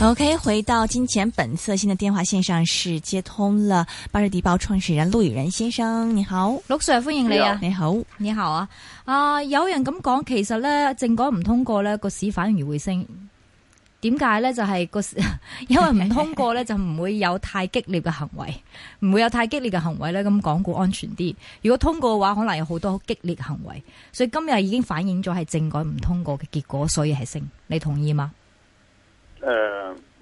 OK，回到金錢本色，新的電話線上是接通了《巴士的報》創始人陸羽仁先生，你好。陸 Sir 歡迎你啊！你好，你好啊！啊、呃，有人咁講，其實呢，政改唔通過，呢個市反而會升，點解呢？就係、是、個市因為唔通過呢，就唔會有太激烈嘅行為，唔 會有太激烈嘅行為呢。咁港股安全啲。如果通過嘅話，可能有好多好激烈行為，所以今日已經反映咗係政改唔通過嘅結果，所以係升。你同意嗎？誒、呃。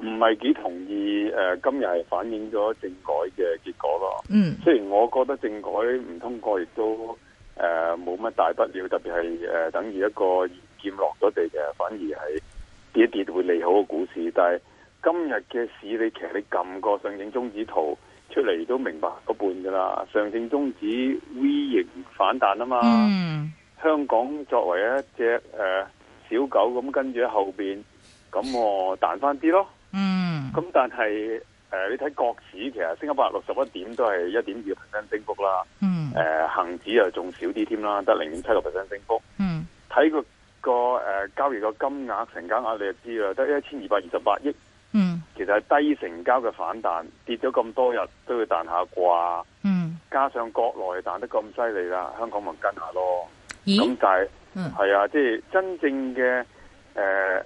唔係幾同意誒、呃，今日係反映咗政改嘅結果咯。嗯，雖然我覺得政改唔通過，亦都誒冇乜大不了，特別係誒等於一個劍落咗地嘅，反而係跌一跌會利好個股市。但係今日嘅市，你其實你撳個上證綜指圖出嚟都明白個半噶啦。上證綜指 V 型反彈啊嘛、嗯，香港作為一隻誒、呃、小狗咁跟住喺後邊，咁我彈翻啲咯。嗯，咁、嗯、但係誒、呃，你睇國指，其實升一百六十一點，都係一點二個 percent 升幅啦。嗯，誒、呃，恒指又仲少啲添啦，得零點七六 percent 升幅。嗯，睇、個個誒、呃、交易個金額成交額，你就知啦，得一千二百二十八億。嗯，其實係低成交嘅反彈，跌咗咁多日都要彈下挂。嗯，加上國內彈得咁犀利啦，香港咪跟下咯。咁但、就是、嗯，係啊，即、就、係、是、真正嘅誒。呃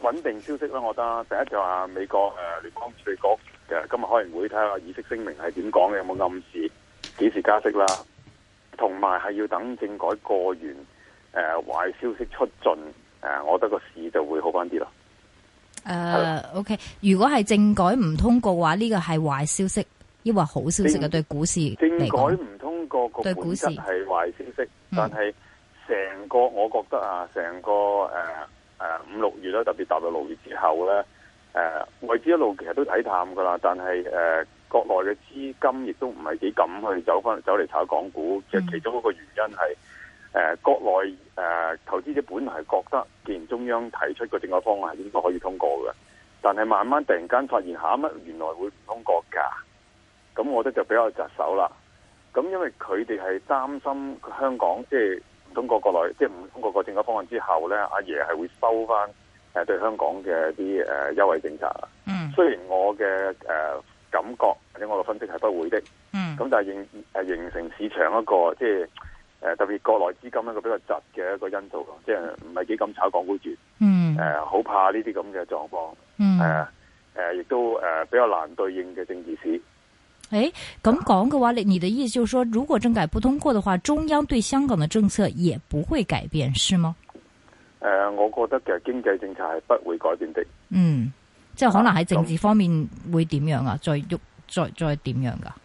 穩定消息啦，我覺得第一就話美國誒聯、呃、邦儲備局嘅今日開完會，睇下議息聲明係點講嘅，有冇暗示幾時加息啦？同埋係要等政改過完，誒、呃、壞消息出盡，誒、呃，我覺得個市就會好翻啲啦。誒、uh,，OK，如果係政改唔通過嘅話，呢、這個係壞消息，抑或好消息啊？對股市政改唔通過，對股市係壞消息，嗯、但係成個我覺得啊，成個誒。呃誒、呃，五六月咧，特別踏入六月之後咧，誒、呃，外資一路其實都睇淡噶啦。但係誒、呃，國內嘅資金亦都唔係幾敢去走翻走嚟炒港股，即、嗯、係其中一個原因係誒、呃，國內誒、呃、投資者本來係覺得，既然中央提出個政改方案係應該可以通過嘅，但係慢慢突然間發現吓乜原來會唔通過噶，咁我覺得就比較棘手啦。咁因為佢哋係擔心香港即係。就是通過國內即係唔通過個政改方案之後咧，阿爺係會收翻誒對香港嘅啲誒優惠政策啦，嗯，雖然我嘅誒、呃、感覺或者我嘅分析係不會的。嗯，咁但係形誒形成市場一個即係誒、呃、特別國內資金一個比較窄嘅一個因素咯，即係唔係幾敢炒港股住。嗯，誒好怕呢啲咁嘅狀況。嗯，係、呃、啊，誒亦、嗯呃呃、都誒、呃、比較難對應嘅政治市。誒，咁講嘅話咧，你嘅意思就係說，如果政改不通過的話，中央對香港的政策也不會改變，是嗎？誒、呃，我覺得其實經濟政策係不會改變的。嗯，即係可能喺政治方面會點樣啊？啊再再再點樣噶、啊？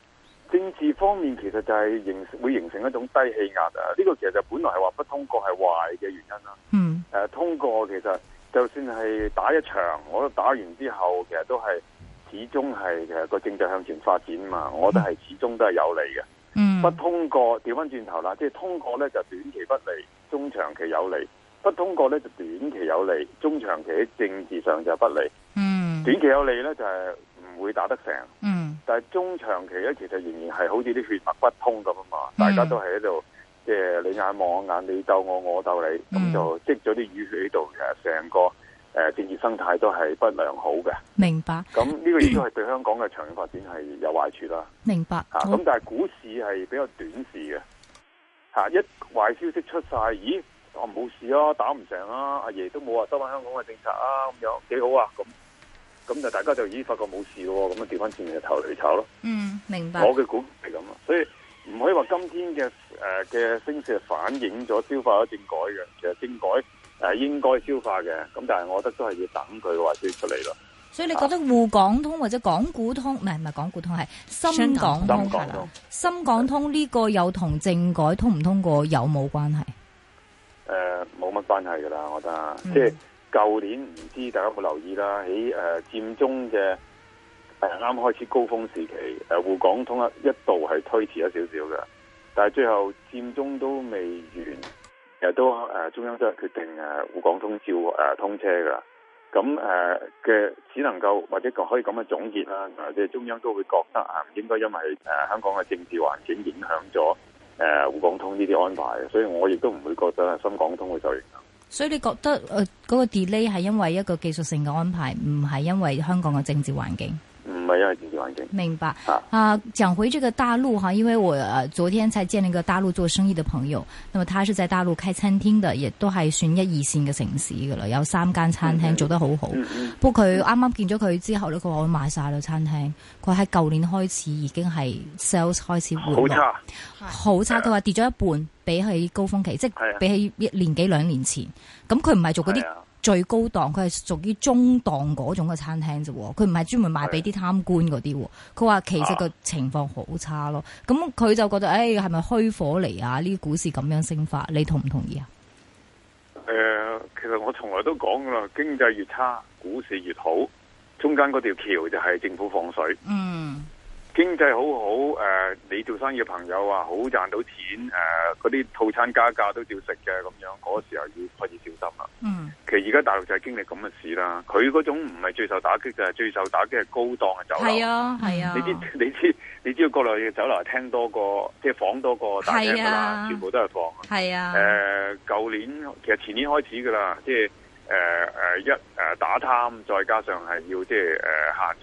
政治方面其實就係形會形成一種低氣壓啊！呢、這個其實就本來係話不通過係壞嘅原因啦。嗯。誒、呃，通過其實就算係打一場，我都打完之後其實都係。始終係其實個政策向前發展嘛，我哋係始終都係有利嘅、嗯。不通過調翻轉頭啦，即係通過咧就短期不利，中長期有利；不通過咧就短期有利，中長期喺政治上就不利、嗯。短期有利咧就係、是、唔會打得成，嗯、但係中長期咧其實仍然係好似啲血脈不通咁啊嘛、嗯，大家都係喺度，即係你眼望我眼，你鬥我我鬥你，咁、嗯、就積咗啲淤血喺度嘅成個。誒、呃，政治生態都係不良好嘅，明白。咁呢個亦都係對香港嘅長遠發展係有壞處啦。明白咁、啊、但係股市係比較短視嘅、啊，一壞消息出晒，咦？我、啊、冇事啊，打唔成啊，阿爺都冇話收翻香港嘅政策啊，咁樣幾好啊。咁咁就大家就已經發覺冇事喎，咁啊掉翻轉頭嚟炒咯。嗯，明白。我嘅股係咁啊，所以唔可以話今天嘅誒嘅升市係反映咗消化咗政改嘅，其實政改。誒，應該消化嘅，咁但係我覺得都係要等佢話推出嚟咯。所以你覺得滬港通或者港股通，唔係唔係港股通，係深港通係啦。深港通呢個有同政改通唔通過有冇關係？誒、啊，冇乜關係噶啦，我覺得。嗯、即係舊年唔知大家有冇留意啦，喺誒佔中嘅誒啱開始高峰時期，誒、呃、滬港通一一度係推遲咗少少嘅，但係最後佔中都未完。又都誒，中央都係決定誒，滬、啊、港通照誒、啊、通車㗎啦。咁誒嘅只能夠或者可以咁嘅總結啦。誒，即係中央都會覺得啊，唔應該因為誒、啊、香港嘅政治環境影響咗誒滬港通呢啲安排。所以我亦都唔會覺得係深港通會受影響。所以你覺得誒嗰、呃嗰個 delay 係因為一個技術性嘅安排，唔係因為香港嘅政治環境。明白啊！講回這個大陸哈，因為我昨天才見了一個大陸做生意的朋友，那麼他是在大陸開餐廳的，亦都係算一二線嘅城市噶啦，有三間餐廳做得好好，嗯嗯嗯。不過佢啱啱見咗佢之後咧，佢話我買晒啦餐廳，佢喺舊年開始已經係 sales 開始回好差，好差。佢話、啊、跌咗一半，比起高峰期，是啊、即係比起一年幾兩年前，咁佢唔係做嗰啲。最高檔，佢係屬於中檔嗰種嘅餐廳啫喎，佢唔係專門賣俾啲貪官嗰啲喎。佢話其實個情況好差咯，咁、啊、佢就覺得，誒係咪虛火嚟啊？呢啲股市咁樣升法，你同唔同意啊？誒、呃，其實我從來都講噶啦，經濟越差，股市越好，中間嗰條橋就係政府放水。嗯。經濟好好，誒、呃，你做生意嘅朋友啊，好賺到錢，誒、呃，嗰啲套餐加價都照食嘅咁樣，嗰時候要開始小心啦。嗯，其實而家大陸就係經歷咁嘅事啦。佢嗰種唔係最受打擊嘅，最受打擊係高檔嘅酒樓。係啊，係啊。你知你知，你知道國內嘅酒樓廳多過即係房多過大廳噶啦，全部都係房。係啊。誒、呃，舊年其實前年開始噶啦，即係誒誒一誒打貪，再加上係要即係誒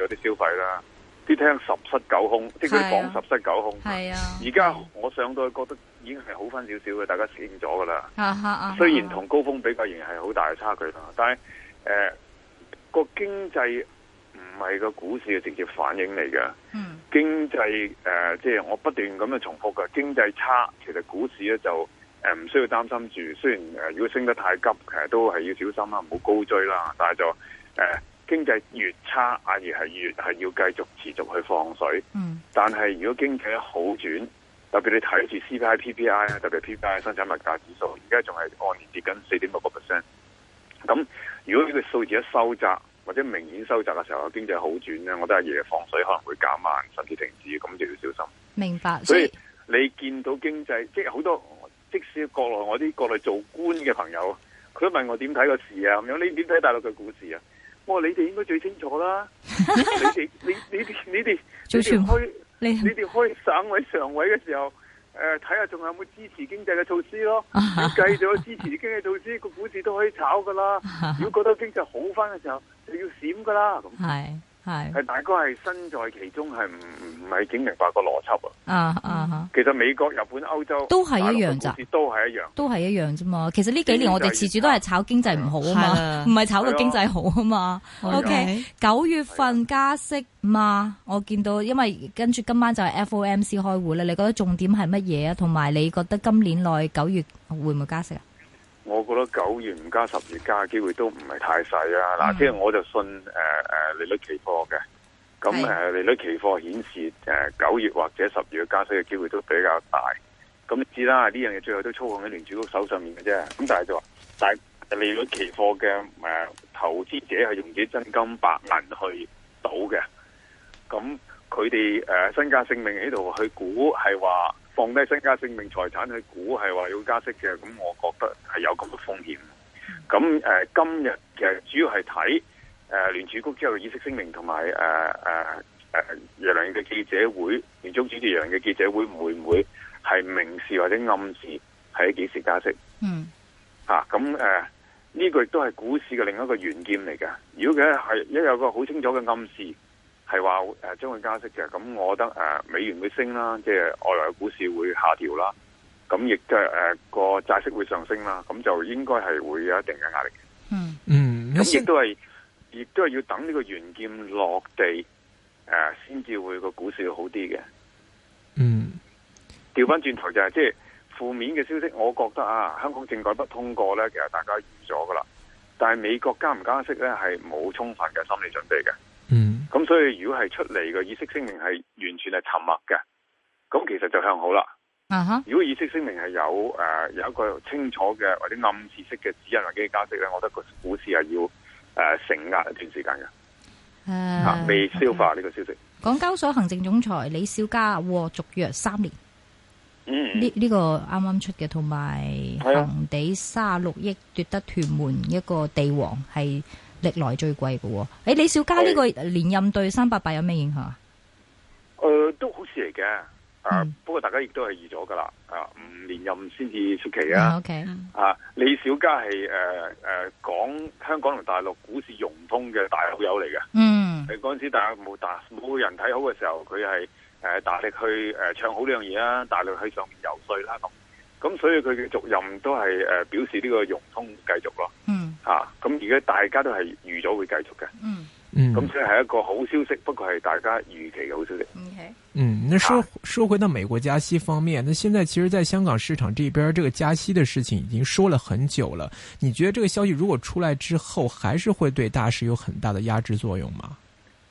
限咗啲消費啦。啲聽十室九空，啊、即係佢哋講十室九空。係啊，而家我上到去覺得已經係好翻少少嘅，大家適應咗噶啦。啊,啊雖然同高峰比較仍然係好大嘅差距啦，但係誒、呃那個經濟唔係個股市嘅直接反映嚟嘅。嗯、啊。經濟誒，即、呃、係、就是、我不斷咁樣重複嘅經濟差，其實股市咧就誒唔、呃、需要擔心住。雖然誒如果升得太急，其、呃、實都係要小心啦，唔好高追啦。但係就誒。呃經濟越差，反而係越係要繼續持續去放水。嗯、但係如果經濟好轉，特別你睇住 CPI、PPI 啊，特別 PPI 生產物價指數，而家仲係按年跌緊四點六個 percent。咁如果呢個數字一收窄或者明顯收窄嘅時候，經濟好轉咧，我覺得阿爺放水可能會減慢甚至停止，咁就要小心。明白。所以，所以你見到經濟即係好多，即使國內我啲國內做官嘅朋友，佢都問我點睇個市啊咁樣？你點睇大陸嘅股市啊？我話你哋應該最清楚啦， 你哋你你哋你哋，你哋開你你哋開省委常委嘅時候，誒睇下仲有冇支持經濟嘅措施咯。如果繼續支持經濟措施，個股市都可以炒噶啦。 如果覺得經濟好翻嘅時候，就要閃噶啦。咁係。係，係，大哥係身在其中是不，係唔唔係整明白個邏輯啊？啊啊、嗯、其實美國、日本、歐洲都係一樣咋？都係一樣，都係一樣啫嘛。其實呢幾年我哋始終都係炒經濟唔好啊嘛，唔係炒個經濟好啊嘛。O K，九月份加息嘛，我見到因為跟住今晚就係 F O M C 開會咧。你覺得重點係乜嘢啊？同埋你覺得今年內九月會唔會加息啊？我覺得九月唔加，十月加嘅機會都唔係太細啊！嗱、嗯，即係我就信誒誒利率期貨嘅，咁誒利率期貨顯示誒九月或者十月加息嘅機會都比較大。咁你知啦，呢樣嘢最後都操控喺聯儲局手上面嘅啫。咁但係就話，但係利率期貨嘅誒投資者係用啲真金白銀去賭嘅，咁佢哋誒身家性命喺度去估係話。放低身家性命財產去估係話要加息嘅，咁我覺得係有咁嘅風險。咁誒、呃，今日其實主要係睇誒聯儲局之後嘅意識聲明和，同埋誒誒誒耶倫嘅記者會，聯儲主席耶倫嘅記者會，會唔會係明示或者暗示係幾時加息？嗯，吓咁誒呢個亦都係股市嘅另一個懸件嚟㗎。如果佢係一有個好清楚嘅暗示。係話誒，將會加息嘅，咁我覺得誒、呃，美元會升啦，即係外來股市會下調啦，咁亦都係誒個債息會上升啦，咁就應該係會有一定嘅壓力。嗯嗯，咁亦都係，亦都係要等呢個懸劍落地誒，先至會個股市好啲嘅。嗯，調翻轉頭就係、是、即係負面嘅消息，我覺得啊，香港政改不通過咧，其實大家預咗噶啦，但係美國加唔加息咧，係冇充分嘅心理準備嘅。咁所以如果係出嚟嘅議息聲明係完全係沉默嘅，咁其實就向好啦。啊哈！如果議息聲明係有誒、呃、有一個清楚嘅或者暗示式嘅指引或者加息咧，我覺得個股市係要誒承、呃、壓一段時間嘅。嗯、uh, okay。未消化呢個消息。Okay. 港交所行政總裁李小加獲續約三年。嗯、mm。呢、這、呢個啱啱出嘅，同埋恆地卅六億奪得屯門一個地王係。是歷來最貴嘅喎，誒，李小加呢個連任對三百八有咩影響？誒、哦呃，都好事嚟嘅，不過大家亦都係預咗噶啦，啊，唔連任先至出奇啊。啊，okay、啊李小加係誒誒，啊啊、講香港同大陸股市融通嘅大好友嚟嘅。嗯，嗰陣時大家冇大冇人睇好嘅時候，佢係誒大力去誒唱好呢樣嘢啦，大力去上面游說啦，咁咁所以佢嘅續任都係誒表示呢個融通繼續咯。嗯吓、啊，咁而家大家都係預咗會繼續嘅。嗯嗯，咁所以係一個好消息，不過係大家預期嘅好消息。嗯，那說、啊、說回到美國加息方面，那現在其實在香港市場這邊，這個加息的事情已經說了很久了。你覺得這個消息如果出來之後，還是會對大市有很大的壓制作用嗎？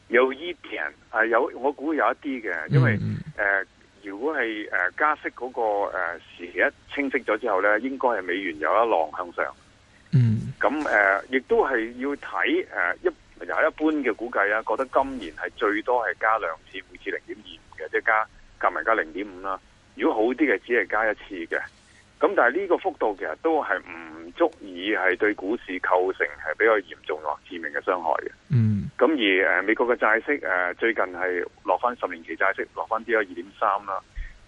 有一點啊，有我估有一啲嘅，因為誒、嗯呃，如果係誒加息嗰、那個誒時期一清晰咗之後呢，應該係美元有一浪向上。嗯，咁誒、呃，亦都係要睇誒、呃、一，其一般嘅估計啦、啊，覺得今年係最多係加兩次，每次零點二五嘅，即係加加埋加零點五啦。如果好啲嘅，只係加一次嘅。咁但係呢個幅度其實都係唔足以係對股市構成係比較嚴重或致命嘅傷害嘅。嗯，咁而誒、呃、美國嘅債息誒、呃、最近係落翻十年期債息落翻啲啊二點三啦。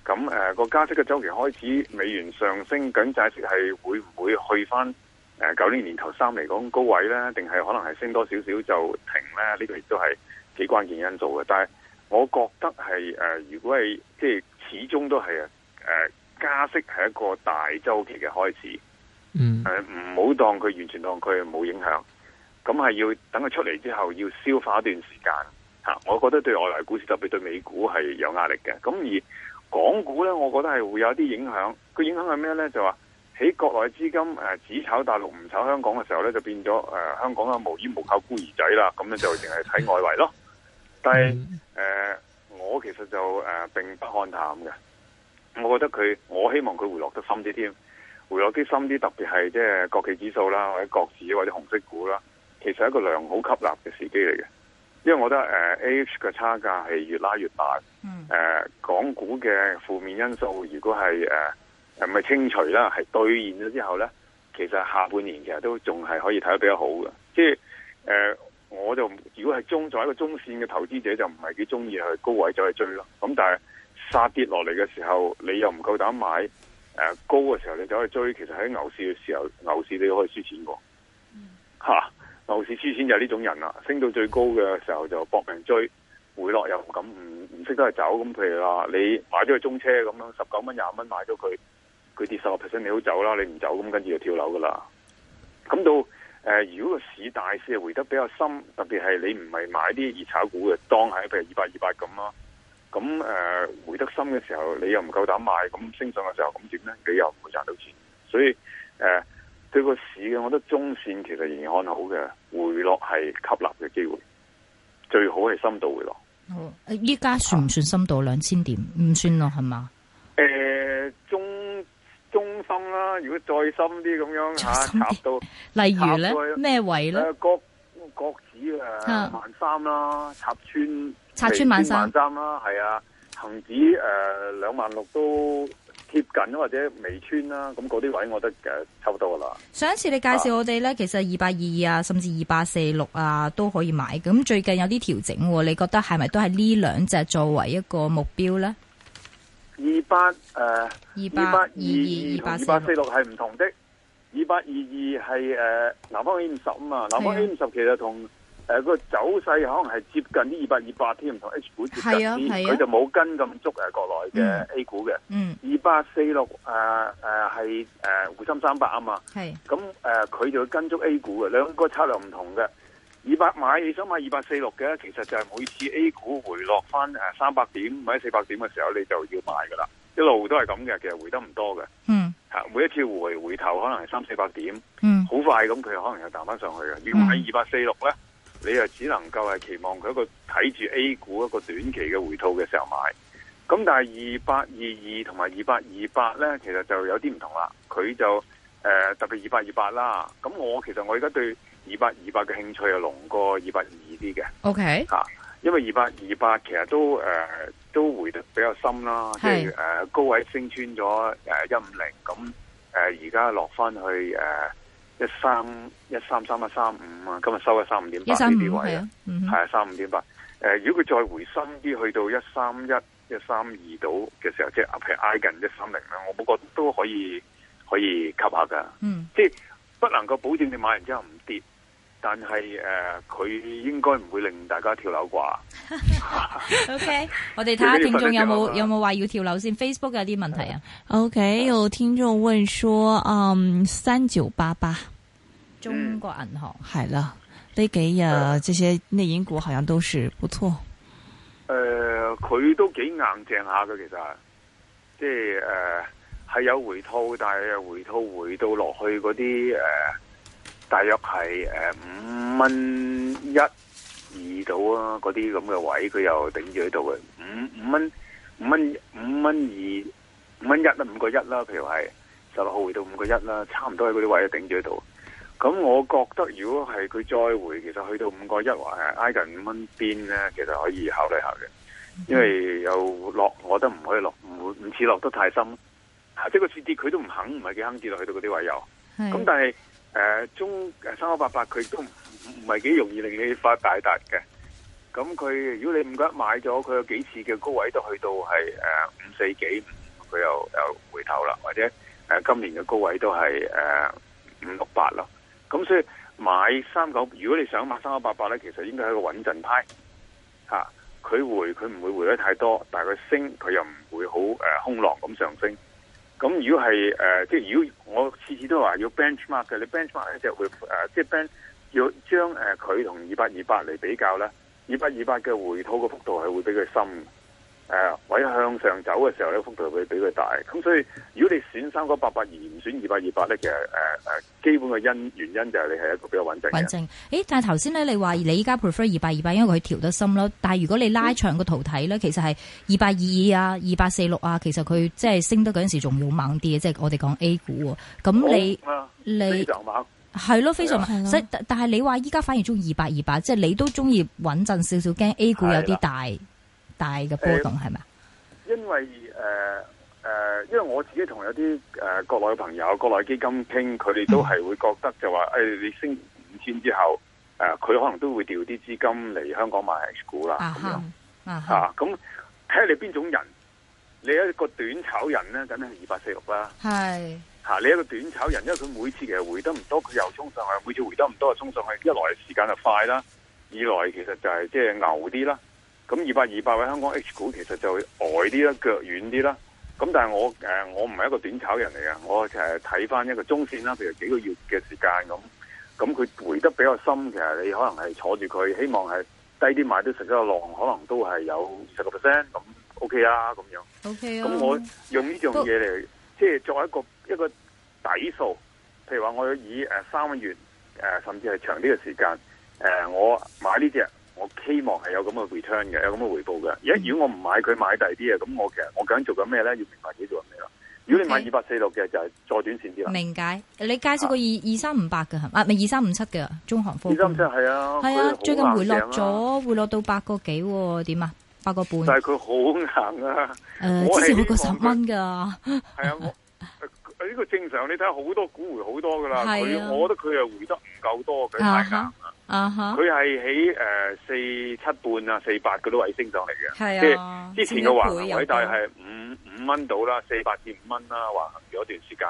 咁誒個加息嘅周期開始，美元上升緊，咁債息係會唔會去翻？誒、啊，九年年頭三嚟講高位咧，定係可能係升多少少就停咧？呢個亦都係幾關鍵因素嘅。但係我覺得係誒、呃，如果係即係始終都係誒、呃、加息係一個大周期嘅開始，嗯，誒唔好當佢完全當佢冇影響，咁係要等佢出嚟之後要消化一段時間吓、啊。我覺得對外來股市特別，特別對美股係有壓力嘅。咁、啊、而港股咧，我覺得係會有一啲影響。個影響係咩咧？就話。喺國內資金誒、呃、只炒大陸唔炒香港嘅時候咧，就變咗誒、呃、香港啊無依無靠孤兒仔啦，咁咧就淨係睇外圍咯。但係誒、呃、我其實就誒、呃、並不看淡嘅，我覺得佢我希望佢回落得深啲添，回落啲深啲，特別係即係國企指數啦，或者國指或者紅色股啦，其實係一個良好吸納嘅時機嚟嘅，因為我覺得誒 A、呃、H 嘅差價係越拉越大，誒、嗯呃、港股嘅負面因素如果係誒。呃唔係清除啦？係兌現咗之後咧，其實下半年其實都仲係可以睇得比較好嘅。即係誒，我就如果係中在一個中綫嘅投資者，就唔係幾中意去高位走去追咯。咁但係殺跌落嚟嘅時候，你又唔夠膽買誒、呃、高嘅時候，你走去追。其實喺牛市嘅時候，牛市你都可以輸錢過吓、嗯。牛市輸錢就係呢種人啦。升到最高嘅時候就搏命追，回落又唔敢唔唔識得去走。咁、嗯、譬如話你買咗個中車咁樣，十九蚊廿蚊買咗佢。佢跌十個 percent，你好走啦，你唔走咁，跟住就跳樓噶啦。咁到誒，如果個市大市係回得比較深，特別係你唔係買啲熱炒股嘅，當係譬如二百二百咁咯。咁誒，回得深嘅時候，你又唔夠膽買，咁升上嘅時候，咁點咧？你又唔會賺到錢。所以誒，對個市嘅，我覺得中線其實仍然看好嘅，回落係吸納嘅機會，最好係深度回落。哦，依家算唔算深度兩千點？唔算咯，係嘛？誒，中。如果再深啲咁樣吓、啊，插到例如咧咩位咧、啊？國、國指誒、呃、萬三啦、啊，插穿插穿萬三啦，係啊，恒、啊、指誒兩、呃、萬六都貼近或者微穿啦，咁嗰啲位我覺得誒，差唔多啦。上一次你介紹我哋咧、啊，其實二百二二啊，甚至二百四六啊都可以買。咁最近有啲調整，你覺得係咪都係呢兩隻作為一個目標咧？二八誒，二八二二同二八四六係唔同的，二八二二係誒南方 A 五十啊嘛，南方 A 五十其實同誒個走勢可能係接近啲二百二八添，同 H 股接近啲、啊，佢、啊、就冇跟咁足誒、啊、國內嘅 A 股嘅。嗯、啊，二八四六誒誒係誒滬深三百啊嘛，係，咁誒佢就跟足 A 股嘅，兩個策略唔同嘅。二百買起身買二百四六嘅，其實就係每次 A 股回落翻誒三百點或者四百點嘅時候，你就要買噶啦。一路都係咁嘅，其實回得唔多嘅。嗯，嚇，每一次回回頭可能係三四百點，嗯，好快咁佢可能又彈翻上去嘅、嗯。如果二百四六咧，你又只能夠係期望佢一個睇住 A 股一個短期嘅回吐嘅時候買。咁但係二八二二同埋二八二八咧，其實就有啲唔同啦。佢就誒、呃、特別二八二八啦。咁我其實我而家對。二百二百嘅興趣又濃過二百二啲嘅，OK，啊，因為二百二百其實都誒、呃、都回得比較深啦，即係誒、呃、高位升穿咗誒一五零，咁誒而家落翻去誒一三一三三一三五啊，今日收一三五點八呢啲位135，啊，係啊三五點八，誒、嗯、如果佢再回深啲去到一三一一三二度嘅時候，即係譬如挨近一三零啦，我冇覺得都可以可以吸下噶，嗯，即係不能夠保證你買完之後。但係誒，佢、呃、應該唔會令大家跳樓啩 ？OK， 我哋睇下聽眾有冇有冇話 要跳樓先。Facebook 有啲問題啊、嗯？OK，有聽眾問說，嗯，三九八八，中國銀行係啦，呢幾日這些內銀股好像都是不錯。誒、呃，佢都幾硬淨下嘅，其實即係誒係有回吐，但係回吐回到落去嗰啲誒。呃大約係誒五蚊一、二到啊，嗰啲咁嘅位佢又頂住喺度嘅。五五蚊五蚊五蚊二五蚊一啦，五個一啦。譬如係十六號回到五個一啦，差唔多喺嗰啲位頂住喺度。咁我覺得如果係佢再回，其實去到五個一或係挨近五蚊邊咧，其實可以考慮下嘅。因為又落，我都唔可以落，唔唔似落得太深。吓，即係個市跌，佢都唔肯，唔係幾肯跌落去到嗰啲位又。咁但係。誒、呃，中誒三九八八佢都唔係幾容易令你發大達嘅。咁佢如果你唔覺得買咗，佢有幾次嘅高位就去到係誒、呃、五四幾，佢又又回頭啦，或者誒、呃、今年嘅高位都係誒、呃、五六八咯。咁所以買三九，如果你想買三九八八咧，其實應該係一個穩陣派。吓、啊，佢回佢唔會回得太多，但係佢升佢又唔會好誒、呃、空浪咁上升。咁、嗯、如果係、呃、即係如果我次次都話要 benchmark 嘅，你 benchmark 一就會誒，即係 ben 要將佢同二百二八嚟比較咧，二百二八嘅回吐個幅度係會比佢深。誒、呃，位向上走嘅時候咧，幅度會比佢大。咁所以如果你選三九八八而唔選二八二八咧，其實誒誒、呃，基本嘅因原因就係你係一個比較穩陣嘅。穩陣誒、欸，但係頭先咧你話你依家 prefer 二八二八，因為佢調得深咯。但係如果你拉長個圖睇咧、嗯，其實係二八二二啊、二八四六啊，其實佢即係升得嗰陣時仲要猛啲。即係我哋講 A 股，咁你你係咯，非常，猛非常，猛非常猛、啊所，但但係你話依家反而中二八二八，即係你都中意穩陣少少，驚 A 股有啲大。大嘅波動係咪、欸？因為誒誒、呃呃，因為我自己同有啲誒國內嘅朋友、國內基金傾，佢哋都係會覺得就話誒、哎，你升五千之後誒，佢、呃、可能都會調啲資金嚟香港買 H 股啦咁、啊、樣。吓、啊，咁、啊、睇下、啊啊、你邊種人，你一個短炒人咧，梗係二百四六啦。係、啊、吓，你一個短炒人，因為佢每次其實回得唔多，佢又衝上去，每次回得唔多，就衝上去，一來時間就快啦，二來其實就係即係牛啲啦。咁二百二百位香港 H 股其實就會呆啲啦，腳軟啲啦。咁但係我誒我唔係一個短炒人嚟嘅。我其實睇翻一個中線啦，譬如幾個月嘅時間咁。咁佢回得比較深，其實你可能係坐住佢，希望係低啲買都食咗個浪，可能都係有十個 percent 咁 OK 啦、啊、咁樣。OK 咁我用呢樣嘢嚟，即係作為一個一個底數。譬如話，我以三個月甚至係長啲嘅時間我買呢隻。我希望係有咁嘅 return 嘅，有咁嘅回報嘅。而家如果我唔買佢買第啲啊，咁我其實我究竟做緊咩咧？要明白自己做緊咩咯。如果你買二百四六嘅，hey. 就係再短線啲啦。明解？你介紹過二二三五八嘅係咪？唔係二三五七嘅中行科二三五七係啊。係啊，是啊，最近回落咗，回落到八個幾點啊？八個半。但係佢好硬啊！誒、呃，支持好過十蚊噶。係 啊，我呢、呃這個正常。你睇下好多股回好多噶啦。係啊。我覺得佢又回得唔夠多，俾大家。Uh-huh. Uh-huh. 呃、4, 7, 5, 4, 啊哈！佢係喺誒四七半啊四八嗰啲位升上嚟嘅。即係之前嘅橫行位大 5, 5，但係五五蚊到啦，四百至五蚊啦，橫行咗一段時間，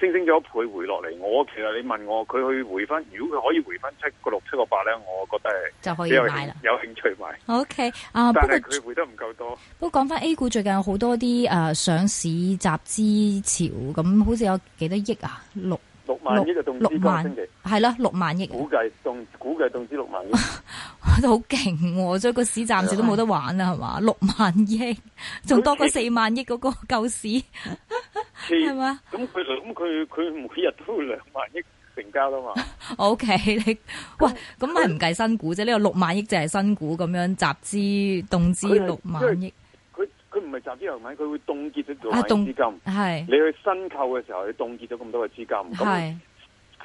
升升咗一倍回落嚟。我其實你問我，佢去回返，如果佢可以回返七個六七個八咧，我覺得係就可以買啦，有興趣買。OK 啊、uh,，但係佢回得唔夠多。不過講返 A 股最近有好多啲誒、呃、上市集資潮，咁好似有幾多億啊六。六萬億嘅凍資九星期係六萬億，估計動估計動資六萬億，都好勁，所以個市暫時都冇得玩啦，係嘛？六萬億，仲、啊 啊、多過四萬億嗰個舊市，係 嘛？咁佢咁佢佢每日都要兩萬億成交啦嘛？O K，你喂，咁係唔計新股啫？呢個六萬億就係新股咁樣集資動資六萬億。咪集資游買，佢會凍結咗做資金，係、啊、你去申購嘅時候，你凍結咗咁多嘅資金，咁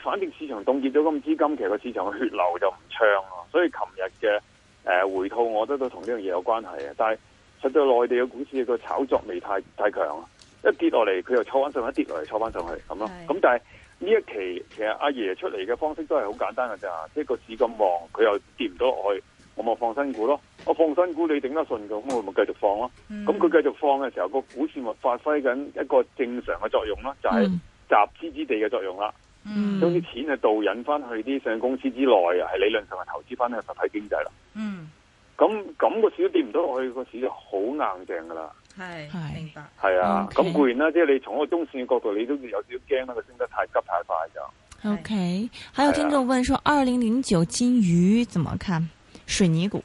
反正市場凍結咗咁資金，其實個市場嘅血流就唔暢咯。所以琴日嘅誒回吐，我覺得都同呢樣嘢有關係啊。但係實在內地嘅股市，佢炒作未太太強，一跌落嚟佢又炒翻上一跌落嚟炒翻上去咁咯。咁但係呢一期其實阿爺出嚟嘅方式都係好簡單㗎咋，即係個資咁旺，佢又跌唔到落去。我咪放新股咯，我、啊、放新股你頂得順嘅，咁我咪繼續放咯。咁佢繼續放嘅時候，那個股市咪發揮緊一個正常嘅作用咯，就係集資之地嘅作用啦。將、嗯、啲錢啊導引翻去啲上市公司之內啊，係理論上係投資翻去實體經濟啦。嗯，咁咁、那個市都跌唔到落去，那個市就好硬淨噶啦。係、啊，明白。係啊，咁、okay、固然啦，即係你從一個中線嘅角度，你都要有少少驚啦，佢升得太急太快就。OK，還有聽眾問說：二零零九金魚怎麼看？水泥股，誒、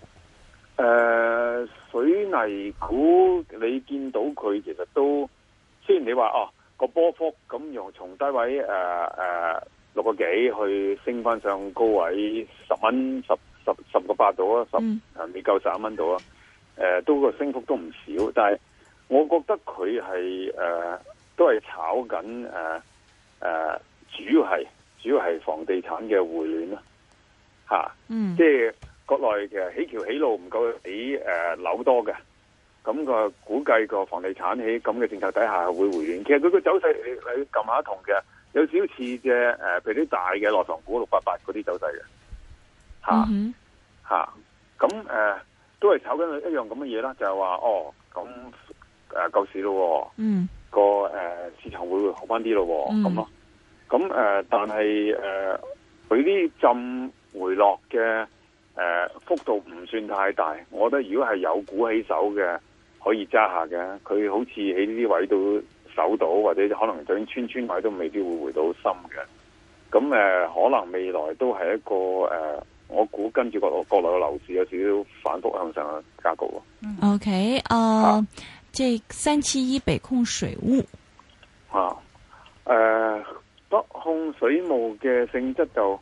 呃，水泥股你見到佢其實都，雖然你話哦個波幅咁樣從低位誒誒、呃呃、六個幾去升翻上高位十蚊十十十個八度啊十誒未夠十一蚊度啊，誒、呃、都個升幅都唔少，但係我覺得佢係誒都係炒緊誒誒主要係主要係房地產嘅回暖咯，吓、啊嗯，即係。國內其實起橋起路唔夠起誒樓多嘅，咁、嗯、個估計個房地產喺咁嘅政策底下會回暖。其實佢個走勢你你撳下同嘅，有少少似嘅誒，譬、呃、如啲大嘅內房股六八八嗰啲走勢嘅，吓、啊、吓，咁、mm-hmm. 誒、啊呃、都係炒緊一樣咁嘅嘢啦，就係、是、話哦，咁誒救市咯、啊，嗯，個誒市場會好返啲咯，咁、mm-hmm. 咯、啊，咁誒、呃、但係誒佢啲浸回落嘅。誒、呃，幅度唔算太大，我覺得如果係有鼓起手嘅，可以揸下嘅。佢好似喺呢啲位度守到，或者可能就穿穿位都未必會回到深嘅。咁、嗯、誒、呃，可能未來都係一個誒、呃，我估跟住國國內嘅樓市有少少反覆向上嘅格局。OK，誒、uh, 啊，即係三七一北控水務。啊，誒、呃，北控水務嘅性質就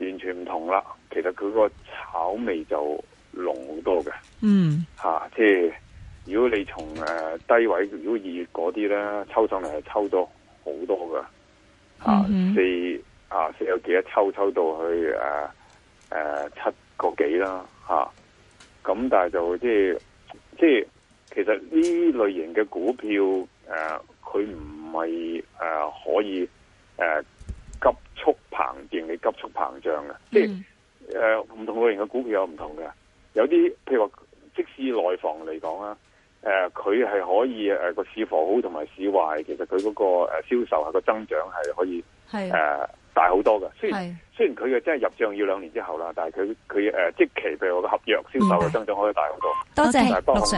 完全唔同啦。其實佢個炒味就濃好多嘅，嗯，吓、啊，即係如果你從誒低位，如果二月嗰啲咧抽上來係抽到好多嘅、啊嗯，四啊四有幾啊抽抽到去誒誒、啊啊、七個幾啦，吓、啊，咁但係就即係即係其實呢類型嘅股票誒，佢唔係誒可以誒、啊、急速膨脹，你急速膨脹嘅，即、嗯、係。誒、呃，唔同類型嘅股票有唔同嘅，有啲譬如話即使內房嚟講啦，誒、呃，佢係可以誒個、呃、市況好同埋市壞，其實佢嗰個誒銷售係個增長係可以誒、呃、大好多嘅。雖然雖然佢嘅真係入賬要兩年之後啦，但係佢佢誒即期譬如話個合約銷售嘅增長可以大好多是。多謝多謝。但當時